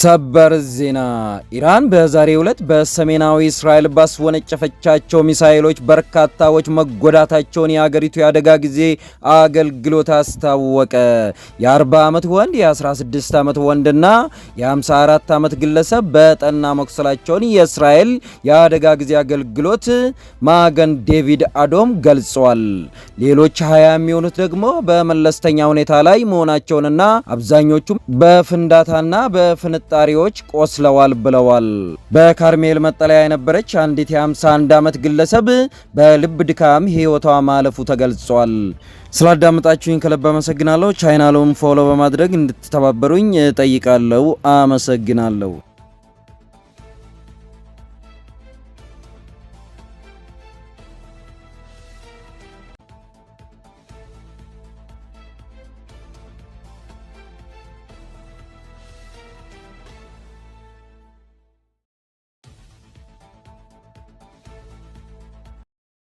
ሰበር ዜና ኢራን በዛሬ ዕለት በሰሜናዊ እስራኤል ባስወነጨፈቻቸው ሚሳኤሎች በርካታዎች መጎዳታቸውን የአገሪቱ የአደጋ ጊዜ አገልግሎት አስታወቀ። የ40 ዓመት ወንድ፣ የ16 ዓመት ወንድና የ54 ዓመት ግለሰብ በጠና መቁሰላቸውን የእስራኤል የአደጋ ጊዜ አገልግሎት ማዕገን ዴቪድ አዶም ገልጿል። ሌሎች 20 የሚሆኑት ደግሞ በመለስተኛ ሁኔታ ላይ መሆናቸውንና አብዛኞቹም በፍንዳታና በፍን ጠርጣሪዎች ቆስለዋል ብለዋል። በካርሜል መጠለያ የነበረች አንዲት የ51 ዓመት ግለሰብ በልብ ድካም ሕይወቷ ማለፉ ተገልጿል። ስላዳመጣችሁኝ ከልብ አመሰግናለሁ። ቻናሉን ፎሎ በማድረግ እንድትተባበሩኝ ጠይቃለሁ። አመሰግናለሁ።